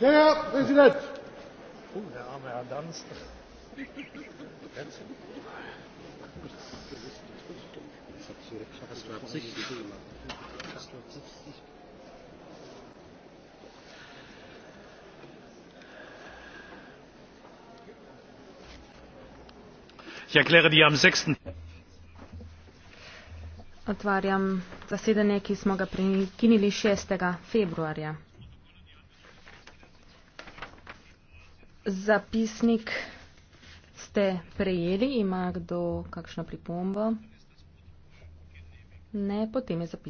Herr Präsident! Oh, der arme Herr Danz. Ich erkläre die am 6. Otvarjam zasedanje, ki smo ga prekinili 6. februarja. Zapisnik ste prejeli. Ima kdo kakšno pripombo? Ne, potem je zapisnik.